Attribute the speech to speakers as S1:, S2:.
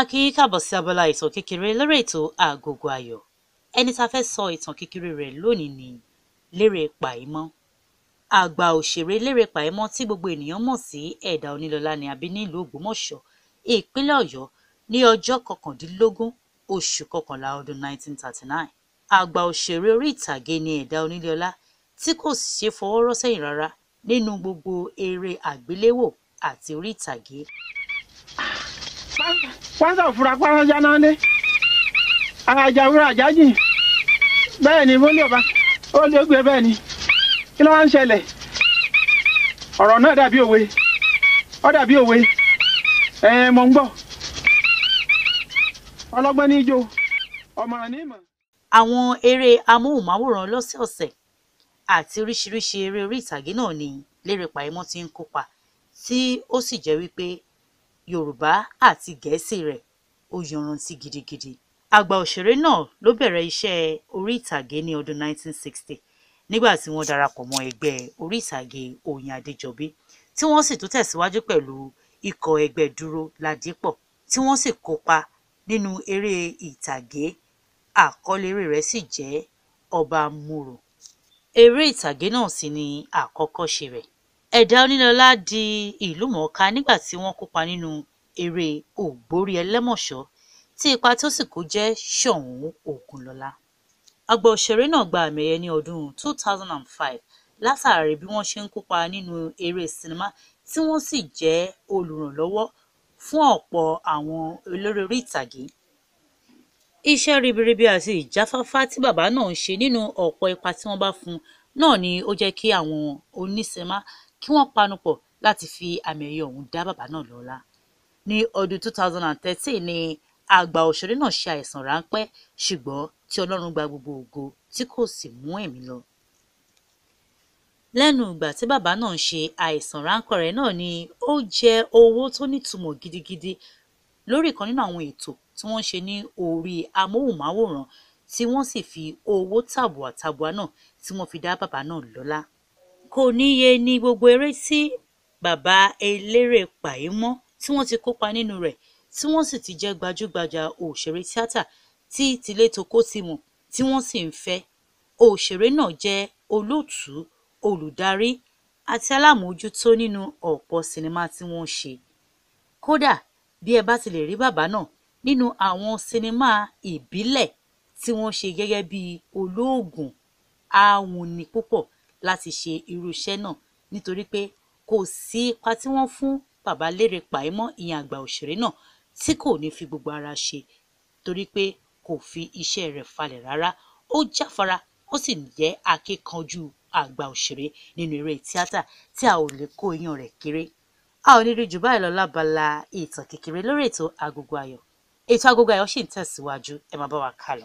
S1: a kì í kàbọ̀ sí abala ìtàn kékeré lórí ètò Agogo Ayọ̀ ẹni tá a fẹ́ sọ ìtàn kékeré rẹ̀ lónìí ni Lérè Pàímọ́ àgbà òṣèré Lérè Pàímọ́ tí gbogbo ènìyàn mọ̀ sí Ẹ̀dà Onílọ́lá ni a bí nílùú Ògbómọ̀ṣọ́ ìpínlẹ̀ Ọ̀yọ́ ní ọjọ́ kọkàndínlógún oṣù kọkànlá ọdún 1939 àgbà òṣèré orí ìtàgé ni Ẹ̀dà Onílọ́lá tí kò ṣe fọwọ́ sẹ́yìn rárá nínú gbogbo eré àgbéléwò àti orí ìtàgé pásá òfurufú pásá jánáńdé àjàwúrà àjájì bẹ́ẹ̀ ni bólú ọba ó lé gbé bẹ́ẹ̀ ni kí ló wá ń ṣẹlẹ̀ ọ̀rọ̀ náà dàbí òwe ó dàbí òwe ẹ̀ mọ̀ ń gbọ́ ọlọ́gbọ́n ní ijó ọ̀mọ̀ràn ní ìmọ̀. àwọn eré amóhùnmáwòrán lọ́sẹ̀ọ̀sẹ̀ àti oríṣiríṣi eré orí ìtàgé náà ni lérè Pàímọ́ ti ń kópa tí ó sì jẹ́ wípé yorùbá àti gẹ̀ẹ́sì rẹ̀ ó yanrantí gidigidi. àgbà òṣèré náà ló bẹ̀rẹ̀ iṣẹ́ orí ìtàgé ní ọdún 1960 nígbà tí wọ́n darapọ̀ mọ́ ẹgbẹ́ orí ìtàgé Oyin Adéjọbí tí wọ́n sì tún tẹ̀síwájú pẹ̀lú ikọ̀ ẹgbẹ́ Dúró Ládípọ̀ tí wọ́n sì kópa nínú eré ìtàgé àkọlé eré rẹ̀ sì jẹ́ Ọba Mùrò eré ìtàgé náà sì ni àkọ́kọ́ṣe rẹ̀ ẹ̀dà onílọ́lá di ìlú-mọ̀-ọ́n-ká nígbà tí wọ́n kópa nínú eré ògbórí ẹlẹ́mọ̀ṣọ́ tí ipa tó sì kó jẹ́ Ṣọ̀ún Ògùnlọ́lá. Àgbà òṣèré náà gba àmì ní ọdún 2005 látàrí bí wọ́n ṣe ń kópa nínú eré sinimá tí wọ́n sì jẹ́ olùrànlọ́wọ́ fún ọ̀pọ̀ àwọn eléré orí ìtàgé. Iṣẹ́ ribiribi àti ìjáfáfá tí bàbá náà ń ṣe nínú ọ̀pọ̀ ipa tí wọ́n bá fún náà ni ó jẹ́ kí àwọn onísinimá kí wọ́n panupọ̀ láti fi àmì ẹ̀yẹ ọ̀hún dá bàbá náà lọ́lá. ní ọdún 2013 ni àgbà òṣèré náà ṣe àìsàn ráńpẹ́ ṣùgbọ́n tí ọlọ́run gba gbogbo ògo tí kò sì mú ẹ̀mí lọ. lẹ́nu ìgbà tí bàbá náà ń ṣe àìsàn ráńpẹ́ rẹ̀ náà ni ó jẹ owó tó nítumọ̀ gidigidi lórí kan nínú àwọn ètò tí wọ́n ń ṣe ní orí amóhùnmáwòrán tí wọ́n sì fi owó tàbùàtàbùà náà tí wọ́n fi dá bàbá náà lọ́lá kò níye ni gbogbo eré tí bàbá eléré pàímọ́ tí wọ́n ti kópa nínú rẹ̀ tí wọ́n sì ti jẹ́ gbajúgbajà òṣèré tíátà tí tilétoko ti mọ̀ tí wọ́n sì ń fẹ́ òṣèré náà jẹ́ olóòtú olùdarí àti alámòójútó nínú ọ̀pọ̀ sinimá tí wọ́n ṣe kódà bí ẹ bá ti lè rí bàbá náà nínú àwọn sinimá ìbílẹ̀ tí wọ́n ṣe gẹ́gẹ́ bí olóògùn àwùnì púpọ̀ láti ṣe irú iṣẹ́ náà nítorí pé kò sí ipa tí wọ́n fún bàbá lérè pàímọ́ ìyẹn àgbà òṣèré náà tí kò ní fi gbogbo ara ṣe torí pé kò fi iṣẹ́ rẹ̀ falẹ̀ rárá ó jáfara ó sì jẹ́ akíkanjú àgbà òṣèré nínú eré tíátà tí a ò lè kó iyán rẹ̀ kéré a ò ní rí jù báyìí lọ lábala ìtàn kékeré lórí ètò agogo ayọ̀ ètò agogo ayọ̀ sì ń tẹ̀síwájú ẹ máa bá wa kálọ.